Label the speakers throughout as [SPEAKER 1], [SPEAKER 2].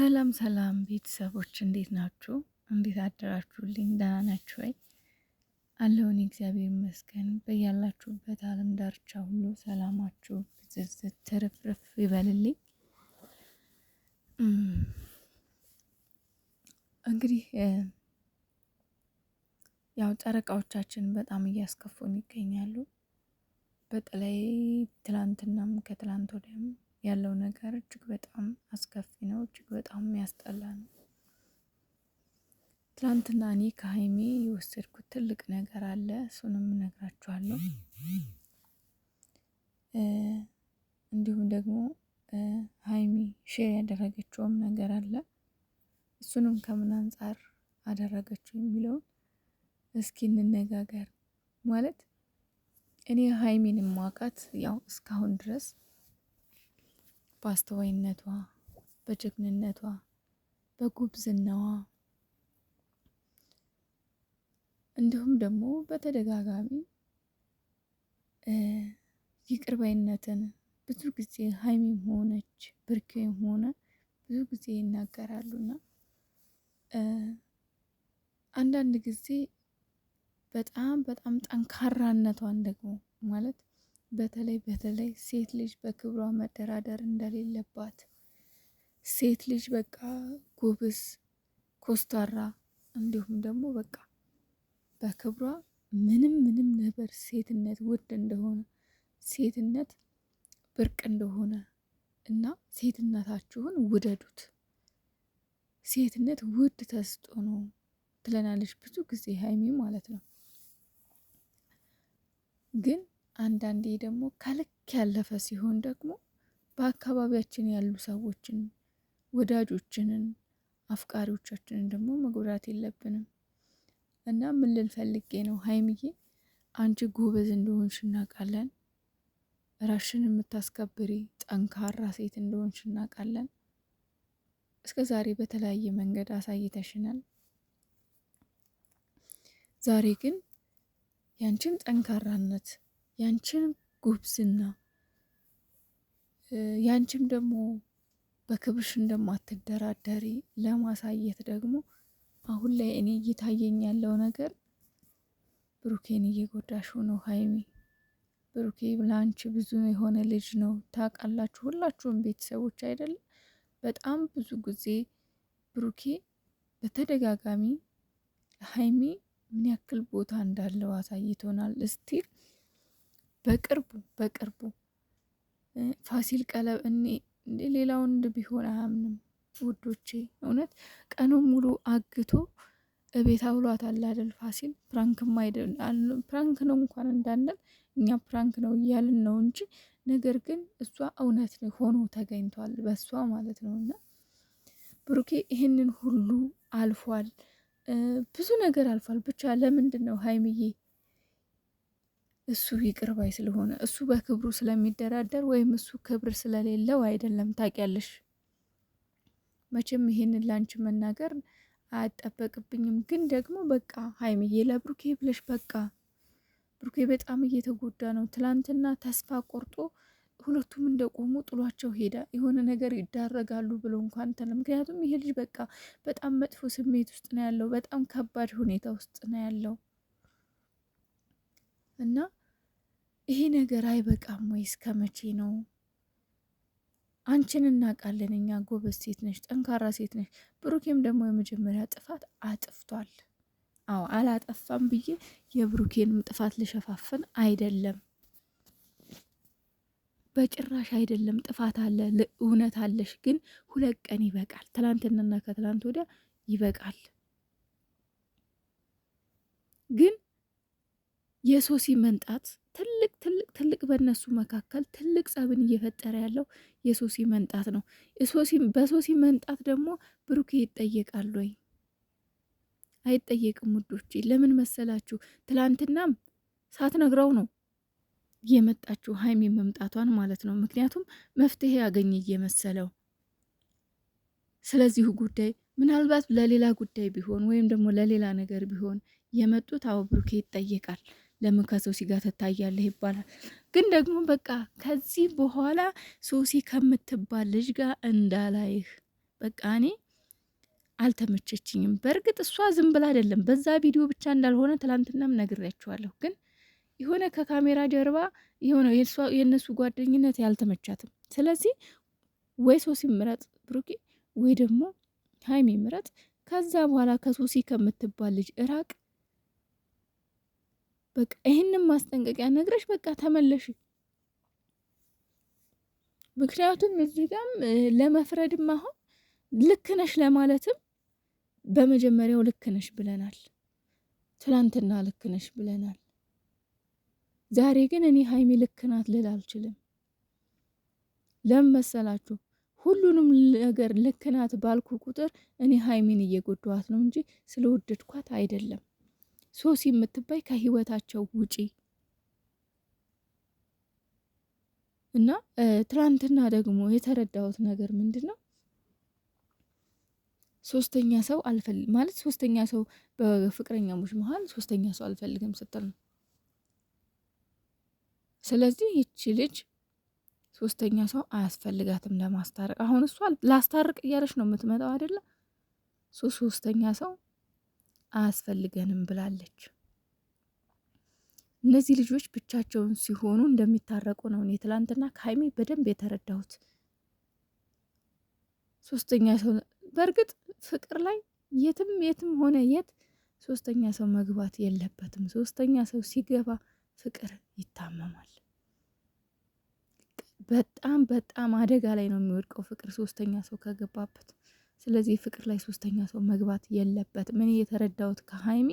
[SPEAKER 1] ሰላም ሰላም ቤተሰቦች እንዴት ናችሁ? እንዴት አደራችሁልኝ? ደህና ናችሁ ወይ? አለውን እግዚአብሔር ይመስገን። በያላችሁበት ዓለም ዳርቻ ሁሉ ሰላማችሁ ብዝዝት ትርፍርፍ ይበልልኝ። እንግዲህ ያው ጨረቃዎቻችን በጣም እያስከፉን ይገኛሉ። በተለይ ትላንትናም ከትላንት ወዲያም ያለው ነገር እጅግ በጣም አስከፊ ነው። እጅግ በጣም የሚያስጠላ ነው። ትላንትና እኔ ከሀይሜ የወሰድኩት ትልቅ ነገር አለ። እሱንም እነግራችኋለሁ። እንዲሁም ደግሞ ሀይሚ ሼር ያደረገችውም ነገር አለ። እሱንም ከምን አንጻር አደረገችው የሚለውን እስኪ እንነጋገር። ማለት እኔ ሀይሜን ማቃት ያው እስካሁን ድረስ በአስተዋይነቷ፣ በጀግንነቷ፣ በጉብዝናዋ እንዲሁም ደግሞ በተደጋጋሚ ይቅርባይነትን ብዙ ጊዜ ሀይሚም ሆነች ብርኬም ሆነ ብዙ ጊዜ ይናገራሉና አንዳንድ ጊዜ በጣም በጣም ጠንካራነቷን ደግሞ ማለት በተለይ በተለይ ሴት ልጅ በክብሯ መደራደር እንደሌለባት፣ ሴት ልጅ በቃ ጉብስ፣ ኮስታራ እንዲሁም ደግሞ በቃ በክብሯ ምንም ምንም ነገር ሴትነት ውድ እንደሆነ ሴትነት ብርቅ እንደሆነ እና ሴትነታችሁን ውደዱት፣ ሴትነት ውድ ተስጦ ነው ትለናለች ብዙ ጊዜ ሀይሚ ማለት ነው ግን አንዳንዴ ደግሞ ከልክ ያለፈ ሲሆን ደግሞ በአካባቢያችን ያሉ ሰዎችን ወዳጆችንን አፍቃሪዎቻችንን ደግሞ መጉዳት የለብንም እና ምን ልል ፈልጌ ነው ሀይምዬ አንቺ ጎበዝ እንደሆንሽ እናውቃለን። ራሽን የምታስከብሪ ጠንካራ ሴት እንደሆንሽ እናውቃለን። እስከ ዛሬ በተለያየ መንገድ አሳይተሽናል። ዛሬ ግን ያንቺን ጠንካራነት ያንቺን ጉብዝና ያንቺም ደግሞ በክብርሽ እንደማትደራደሪ ለማሳየት ደግሞ አሁን ላይ እኔ እየታየኝ ያለው ነገር ብሩኬን እየጎዳሽ ነው ሀይሚ። ብሩኬ ለአንቺ ብዙ የሆነ ልጅ ነው ታውቃላችሁ፣ ሁላችሁም ቤተሰቦች አይደለም። በጣም ብዙ ጊዜ ብሩኬ በተደጋጋሚ ሀይሚ ምን ያክል ቦታ እንዳለው አሳይቶናል። እስቲል በቅርቡ በቅርቡ ፋሲል ቀለብ እኔ ሌላ ወንድ ቢሆን አያምንም ውዶቼ። እውነት ቀኑ ሙሉ አግቶ እቤት አውሏታል አይደል ፋሲል። ፕራንክም አይደል ፕራንክ ነው እንኳን እንዳንል እኛ ፕራንክ ነው እያልን ነው እንጂ ነገር ግን እሷ እውነት ሆኖ ተገኝቷል በእሷ ማለት ነው። እና ብሩኬ ይህንን ሁሉ አልፏል፣ ብዙ ነገር አልፏል። ብቻ ለምንድን ነው ሀይምዬ እሱ ይቅር ባይ ስለሆነ እሱ በክብሩ ስለሚደራደር ወይም እሱ ክብር ስለሌለው አይደለም። ታውቂያለሽ፣ መቼም ይሄንን ላንቺ መናገር አያጠበቅብኝም። ግን ደግሞ በቃ ሀይሚዬ ለብሩኬ ብለሽ በቃ ብሩኬ በጣም እየተጎዳ ነው። ትላንትና ተስፋ ቆርጦ ሁለቱም እንደቆሙ ጥሏቸው ሄዳ የሆነ ነገር ይዳረጋሉ ብሎ እንኳን ተለ ምክንያቱም ይሄ ልጅ በቃ በጣም መጥፎ ስሜት ውስጥ ነው ያለው። በጣም ከባድ ሁኔታ ውስጥ ነው ያለው እና ይሄ ነገር አይበቃም ወይ? እስከ መቼ ነው? አንቺን እናውቃለን እኛ። ጎበዝ ሴት ነች ጠንካራ ሴት ነች ብሩኬም ደግሞ የመጀመሪያ ጥፋት አጥፍቷል። አዎ አላጠፋም ብዬ የብሩኬንም ጥፋት ልሸፋፍን አይደለም፣ በጭራሽ አይደለም። ጥፋት አለ፣ እውነት አለሽ። ግን ሁለት ቀን ይበቃል። ትናንትናና ከትላንት ወዲያ ይበቃል። ግን የሶሲ መንጣት ትልቅ ትልቅ ትልቅ በእነሱ መካከል ትልቅ ጸብን እየፈጠረ ያለው የሶሲ መንጣት ነው። በሶሲ መንጣት ደግሞ ብሩኬ ይጠየቃል ወይ? አይጠየቅም። ውዶች ለምን መሰላችሁ? ትላንትናም ሳትነግረው ነው የመጣችው ሀይሚ መምጣቷን ማለት ነው። ምክንያቱም መፍትሄ ያገኘ እየመሰለው ስለዚሁ ጉዳይ ምናልባት ለሌላ ጉዳይ ቢሆን ወይም ደግሞ ለሌላ ነገር ቢሆን የመጡት አዎ ብሩኬ ይጠየቃል። ለምን ከሶሲ ጋር ትታያለህ ይባላል። ግን ደግሞ በቃ ከዚህ በኋላ ሶሲ ከምትባል ልጅ ጋር እንዳላይህ በቃ እኔ አልተመቸችኝም። በእርግጥ እሷ ዝም ብላ አይደለም፣ በዛ ቪዲዮ ብቻ እንዳልሆነ ትላንትናም ነግሬያቸዋለሁ። ግን የሆነ ከካሜራ ጀርባ የሆነ የእነሱ ጓደኝነት ያልተመቻትም። ስለዚህ ወይ ሶሲ ምረጥ ብሩኬ፣ ወይ ደግሞ ሀይሚ ምረጥ። ከዛ በኋላ ከሶሲ ከምትባል ልጅ እራቅ። በቃ ይህንን ማስጠንቀቂያ ነግረሽ በቃ ተመለሽ። ምክንያቱም እዚህ ጋም ለመፍረድም አሁን ልክ ነሽ ለማለትም በመጀመሪያው ልክ ነሽ ብለናል። ትናንትና ልክ ነሽ ብለናል። ዛሬ ግን እኔ ሀይሚ ልክ ናት ልል አልችልም። ለምን መሰላችሁ? ሁሉንም ነገር ልክ ናት ባልኩ ቁጥር እኔ ሀይሚን እየጎዳዋት ነው እንጂ ስለወደድኳት አይደለም። ሶሲ የምትባይ ከህይወታቸው ውጪ እና ትናንትና ደግሞ የተረዳሁት ነገር ምንድን ነው ሶስተኛ ሰው አልፈልግም ማለት ሶስተኛ ሰው በፍቅረኛሞች መሀል ሶስተኛ ሰው አልፈልግም ስትል ነው። ስለዚህ ይቺ ልጅ ሶስተኛ ሰው አያስፈልጋትም ለማስታረቅ። አሁን እሷ ላስታርቅ እያለች ነው የምትመጣው አይደለ? ሶስተኛ ሰው አያስፈልገንም ብላለች። እነዚህ ልጆች ብቻቸውን ሲሆኑ እንደሚታረቁ ነው እኔ ትላንትና ከሀይሜ በደንብ የተረዳሁት። ሶስተኛ ሰው በእርግጥ ፍቅር ላይ የትም የትም ሆነ የት ሶስተኛ ሰው መግባት የለበትም። ሶስተኛ ሰው ሲገባ ፍቅር ይታመማል። በጣም በጣም አደጋ ላይ ነው የሚወድቀው ፍቅር ሶስተኛ ሰው ከገባበት። ስለዚህ ፍቅር ላይ ሶስተኛ ሰው መግባት የለበት ምን የተረዳውት ከሀይሚ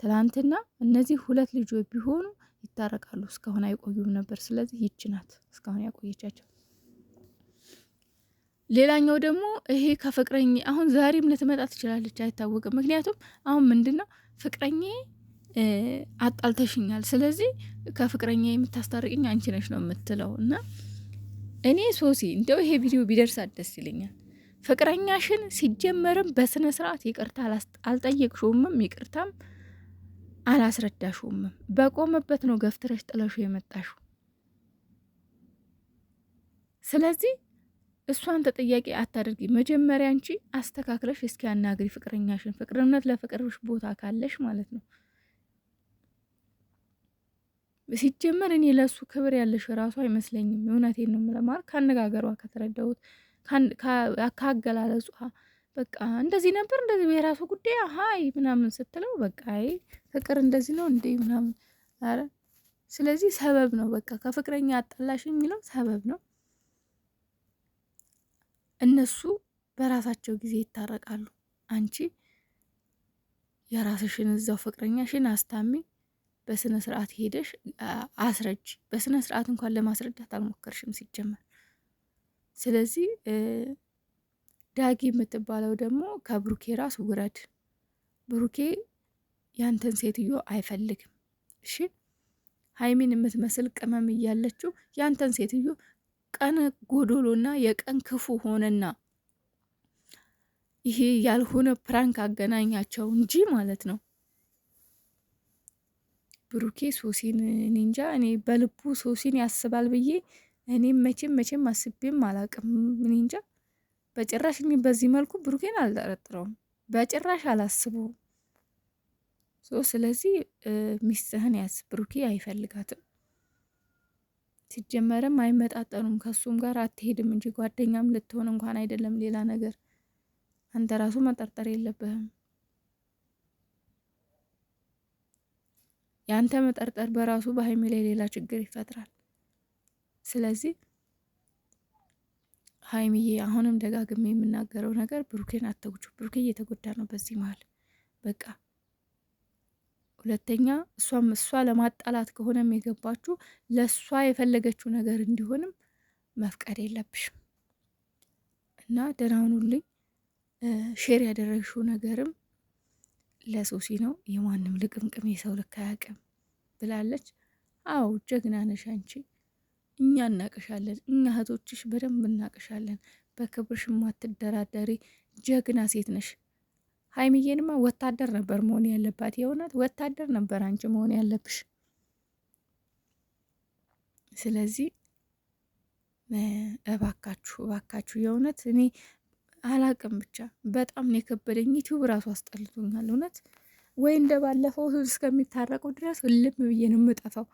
[SPEAKER 1] ትላንትና እነዚህ ሁለት ልጆች ቢሆኑ ይታረቃሉ፣ እስካሁን አይቆዩም ነበር። ስለዚህ ይቺ ናት እስካሁን ያቆየቻቸው። ሌላኛው ደግሞ ይሄ ከፍቅረኝ አሁን ዛሬም ልትመጣ ትችላለች፣ አይታወቅም። ምክንያቱም አሁን ምንድን ነው ፍቅረኛ አጣልተሽኛል፣ ስለዚህ ከፍቅረኛ የምታስታርቅኝ አንቺ ነሽ ነው የምትለው እና እኔ ሶሲ እንደው ይሄ ቪዲዮ ቢደርሳት ደስ ይለኛል። ፍቅረኛሽን ሲጀመርም በስነ ስርዓት ይቅርታ አልጠየቅሽውምም፣ ይቅርታም አላስረዳሽውምም። በቆመበት ነው ገፍትረሽ ጥለሹ የመጣሽው። ስለዚህ እሷን ተጠያቂ አታደርጊ። መጀመሪያ አንቺ አስተካክለሽ እስኪ አናግሪ ፍቅረኛሽን። ፍቅርነት ለፍቅርሽ ቦታ ካለሽ ማለት ነው። ሲጀመር እኔ ለእሱ ክብር ያለሽ ራሱ አይመስለኝም። እውነቴን ነው የምለው። ማር ካነጋገሯ ከተረዳሁት ካገላለጿ በቃ እንደዚህ ነበር እንደዚህ የራሱ ጉዳይ ሀይ ምናምን ስትለው በቃ ፍቅር እንደዚህ ነው እንዴ ምናምን አረ ስለዚህ ሰበብ ነው በቃ ከፍቅረኛ አጣላሽ የሚለው ሰበብ ነው። እነሱ በራሳቸው ጊዜ ይታረቃሉ። አንቺ የራስሽን እዛው ፍቅረኛሽን አስታሚ፣ በስነ ስርዓት ሄደሽ አስረጅ። በስነ ስርዓት እንኳን ለማስረዳት አልሞከርሽም ሲጀመር ስለዚህ ዳጊ የምትባለው ደግሞ ከብሩኬ ራስ ውረድ፣ ብሩኬ ያንተን ሴትዮ አይፈልግም። እሺ ሀይሚን የምትመስል ቅመም እያለችው ያንተን ሴትዮ ቀን ጎዶሎና የቀን ክፉ ሆነና ይሄ ያልሆነ ፕራንክ አገናኛቸው እንጂ ማለት ነው። ብሩኬ ሶሲን እኔ እንጃ እኔ በልቡ ሶሲን ያስባል ብዬ እኔም መቼም መቼም አስቤም አላቅም። ምን እንጃ በጭራሽ በዚህ መልኩ ብሩኬን አልጠረጥረውም። በጭራሽ አላስበውም። ሶ ስለዚህ ሚስትህን ያዝ። ብሩኬ አይፈልጋትም። ሲጀመርም አይመጣጠኑም። ከሱም ጋር አትሄድም እንጂ ጓደኛም ልትሆን እንኳን አይደለም ሌላ ነገር። አንተ ራሱ መጠርጠር የለብህም። ያንተ መጠርጠር በራሱ በሀይሚ ላይ ሌላ ችግር ይፈጥራል። ስለዚህ ሀይሚዬ አሁንም ደጋግሜ የምናገረው ነገር ብሩኬን አተጉቹ። ብሩኬ እየተጎዳ ነው በዚህ መሀል በቃ ሁለተኛ እሷም እሷ ለማጣላት ከሆነም የገባችሁ ለእሷ የፈለገችው ነገር እንዲሆንም መፍቀድ የለብሽም እና ደህና ሁኑልኝ። ሼር ያደረግሽው ነገርም ለሶሲ ነው። የማንም ልቅምቅም የሰው ልክ አያውቅም ብላለች። አዎ ጀግና ነሽ አንቺ። እኛ እናቅሻለን፣ እኛ እህቶችሽ በደንብ እናቅሻለን። በክብርሽ ማትደራደሪ ጀግና ሴት ነሽ። ሀይሚዬንማ ወታደር ነበር መሆን ያለባት። የእውነት ወታደር ነበር አንቺ መሆን ያለብሽ። ስለዚህ እባካችሁ እባካችሁ የእውነት እኔ አላቅም ብቻ በጣም ነው የከበደኝ። ዩቲዩብ ራሱ አስጠልቶኛል እውነት። ወይ እንደ ባለፈው እስከሚታረቁ ድረስ ልም ብዬ ነው የምጠፋው።